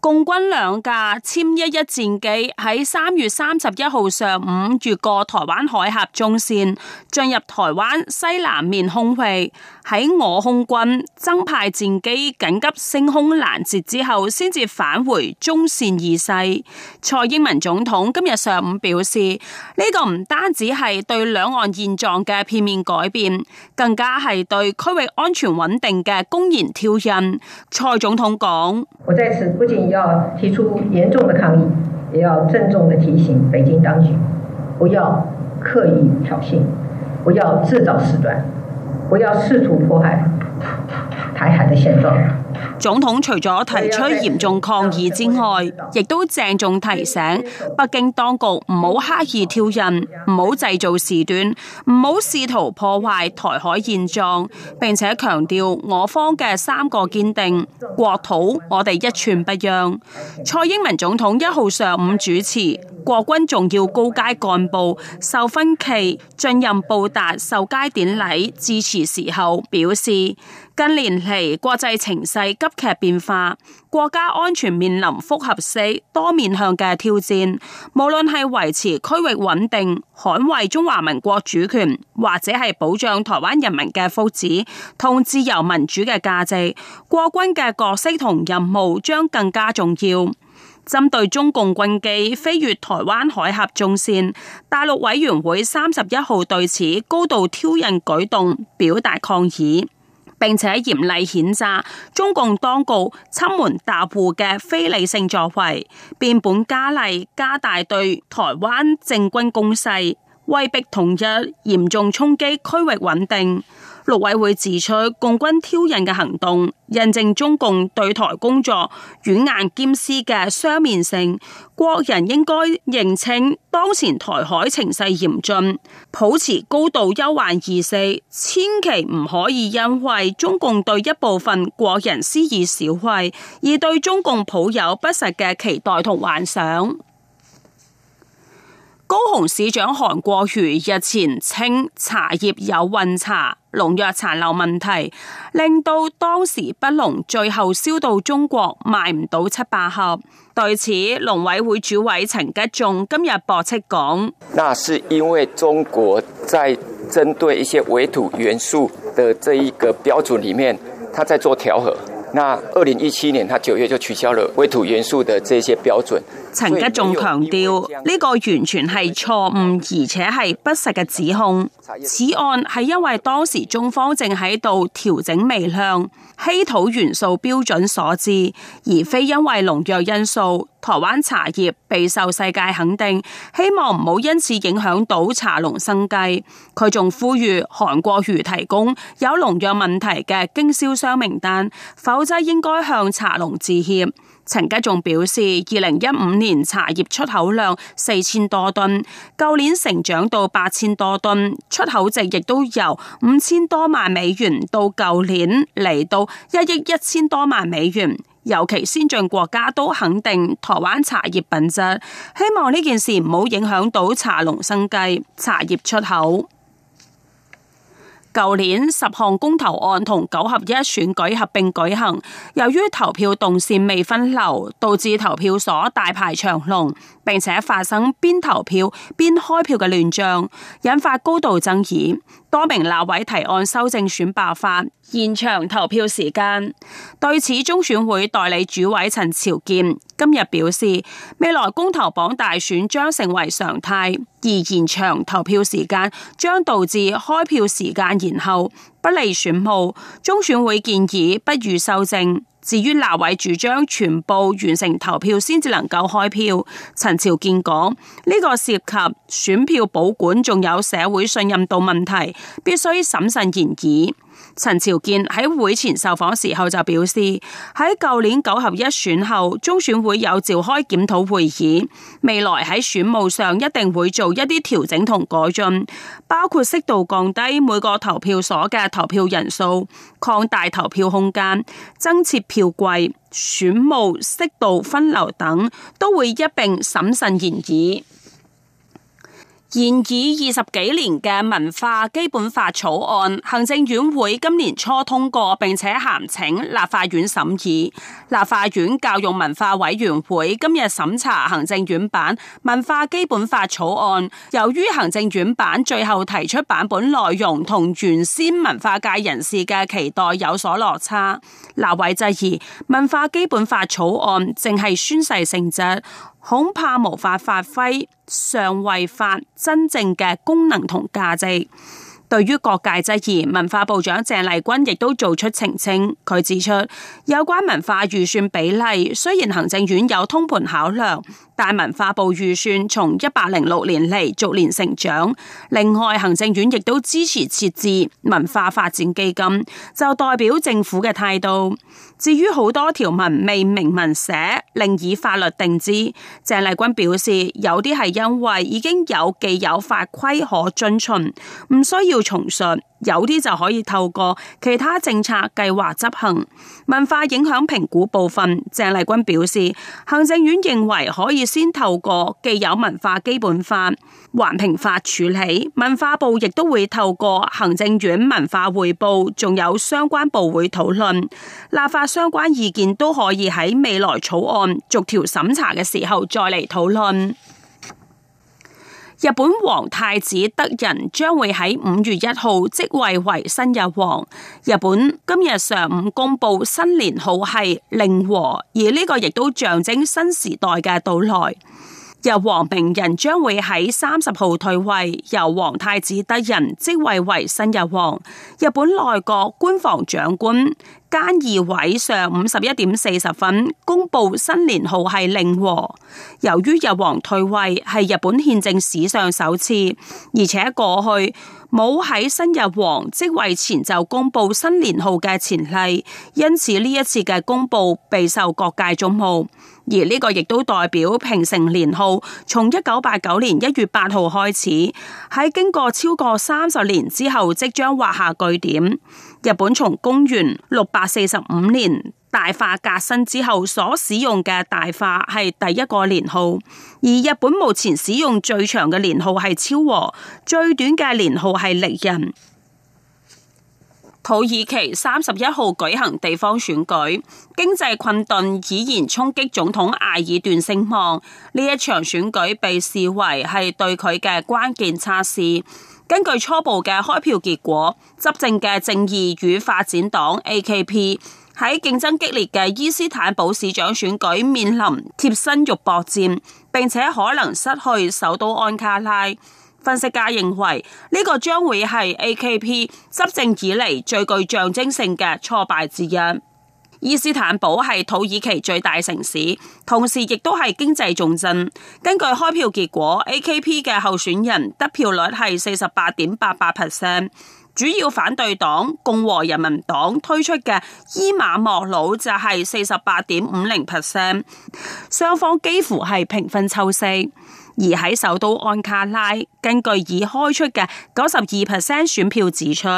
共軍兩架殲一一戰機喺三月三十一號上午越過台灣海峽中線，進入台灣西南面空域，喺我空軍增派戰機緊急升空攔截之後，先至返回中線以西。蔡英文總統今日上午表示，呢、這個唔單止係對兩岸現狀嘅片面改變，更加係對區域安全穩定嘅公然挑釁。蔡總統講：，我在此要提出嚴重的抗議，也要鄭重的提醒北京當局，不要刻意挑釁，不要製造事端，不要試圖破壞台海的現狀。總統除咗提出嚴重抗議之外，亦都鄭重提醒北京當局唔好刻意挑釁，唔好製造事端，唔好試圖破壞台海現狀。並且強調我方嘅三個堅定，國土我哋一寸不讓。蔡英文總統一號上午主持國軍重要高階幹部授勳暨晉任布達授階典禮致辭時候表示。近年嚟，國際情勢急劇變化，國家安全面臨複合式、多面向嘅挑戰。無論係維持區域穩定、捍衛中華民國主權，或者係保障台灣人民嘅福祉同自由民主嘅價值，國軍嘅角色同任務將更加重要。針對中共軍機飛越台灣海峽中線，大陸委員會三十一號對此高度挑釁舉動表達抗議。並且嚴厲譴責中共當局侵門踏戶嘅非理性作為，變本加厲加大對台灣政軍攻勢，威逼統一，嚴重衝擊區域穩定。陸委會指出，共軍挑釁嘅行動，印證中共對台工作軟硬兼施嘅雙面性。國人應該認清當前台海情勢嚴峻，保持高度憂患意識，千祈唔可以因為中共對一部分國人施以小惠，而對中共抱有不實嘅期待同幻想。高雄市長韓國瑜日前稱茶葉有混茶、農藥殘留問題，令到當時北農，最後銷到中國賣唔到七百盒。對此，農委會主委陳吉仲今日駁斥講：那是因為中國在針對一些微土元素的這一個標準裏面，他在做調和。那二零一七年，他九月就取消了微土元素的這些標準。陳吉仲強調呢個完全係錯誤，而且係不實嘅指控。此案係因為當時中方正喺度調整微量稀土元素標準所致，而非因為農藥因素。台灣茶葉備受世界肯定，希望唔好因此影響到茶農生計。佢仲呼籲韓國瑜提供有農藥問題嘅經銷商名單，否則應該向茶農致歉。陳吉仲表示，二零一五年茶葉出口量四千多噸，舊年成長到八千多噸，出口值亦都由五千多萬美元到舊年嚟到一億一千多萬美元，尤其先進國家都肯定台灣茶葉品質，希望呢件事唔好影響到茶農生計、茶葉出口。舊年十項公投案同九合一選舉合併舉行，由於投票動線未分流，導致投票所大排長龍，並且發生邊投票邊開票嘅亂象，引發高度爭議。多名立委提案修正選罷法，延長投票時間。對此，中選會代理主委陳朝建今日表示，未來公投綁大選將成為常態，而延長投票時間將導致開票時間延後，不利選務。中選會建議不予修正。至於立委主張全部完成投票先至能夠開票，陳朝建講，呢個涉及選票保管，仲有社會信任度問題，必須審慎研議。陳朝建喺會前受訪時候就表示，喺舊年九合一選後，中選會有召開檢討會議，未來喺選務上一定會做一啲調整同改進，包括適度降低每個投票所嘅投票人數，擴大投票空間，增設票櫃，選務適度分流等，都會一併審慎研議。現已二十幾年嘅文化基本法草案，行政院會今年初通過，並且函請立法院審議。立法院教育文化委員會今日審查行政院版文化基本法草案，由於行政院版最後提出版本內容同原先文化界人士嘅期待有所落差，立委質疑文化基本法草案淨係宣誓性質。恐怕無法發揮上位法真正嘅功能同價值。對於各界質疑，文化部長鄭麗君亦都做出澄清。佢指出，有關文化預算比例，雖然行政院有通盤考量，但文化部預算從一百零六年嚟，逐年成長。另外，行政院亦都支持設置文化發展基金，就代表政府嘅態度。至於好多條文未明文寫，另以法律定之，鄭麗君表示有啲係因為已經有既有法規可遵循，唔需要。要重述，有啲就可以透過其他政策計劃執行。文化影響評估部分，鄭麗君表示，行政院認為可以先透過既有文化基本法環評法處理，文化部亦都會透過行政院文化匯報，仲有相關部會討論，立法相關意見都可以喺未來草案逐條審查嘅時候再嚟討論。日本皇太子德仁將會喺五月一號即位為新日皇。日本今日上午公布新年號，係令和，而呢個亦都象徵新時代嘅到來。日皇明仁將會喺三十號退位，由皇太子德仁即位為新日皇。日本內閣官房長官菅義偉上午十一點四十分公布新年號係令和。由於日皇退位係日本憲政史上首次，而且過去，冇喺新日皇即位前就公布新年號嘅前例，因此呢一次嘅公布備受各界矚目。而呢個亦都代表平成年號從一九八九年一月八號開始，喺經過超過三十年之後，即將畫下句點。日本從公元六百四十五年。大化革新之後所使用嘅大化係第一個年號，而日本目前使用最長嘅年號係昭和，最短嘅年號係歷任。土耳其三十一號舉行地方選舉，經濟困頓依然衝擊總統艾爾段聲望。呢一場選舉被視為係對佢嘅關鍵測試。根據初步嘅開票結果，執政嘅正義與發展黨 AKP。喺競爭激烈嘅伊斯坦堡市長選舉面臨貼身肉搏戰，並且可能失去首都安卡拉。分析家認為呢個將會係 AKP 執政以嚟，最具象徵性嘅挫敗之一。伊斯坦堡係土耳其最大城市，同時亦都係經濟重鎮。根據開票結果，AKP 嘅候選人得票率係四十八點八八 percent。主要反對黨共和人民黨推出嘅伊馬莫魯就係四十八點五零 percent，雙方幾乎係平分秋色。而喺首都安卡拉，根據已開出嘅九十二 percent 選票指出，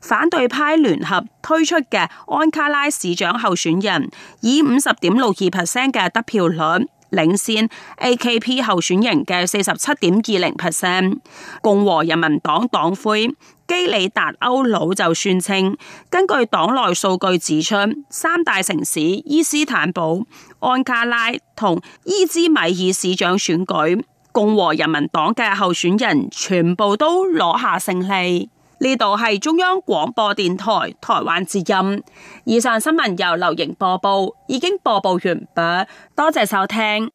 反對派聯合推出嘅安卡拉市長候選人以五十點六二 percent 嘅得票率領先 AKP 候選人嘅四十七點二零 percent，共和人民黨黨魁，基里達歐魯就宣稱，根據黨內數據指出，三大城市伊斯坦堡、安卡拉同伊茲米爾市長選舉，共和人民黨嘅候選人全部都攞下勝利。呢度係中央廣播電台台灣之音。以上新聞由流瑩播報，已經播報完畢，多謝收聽。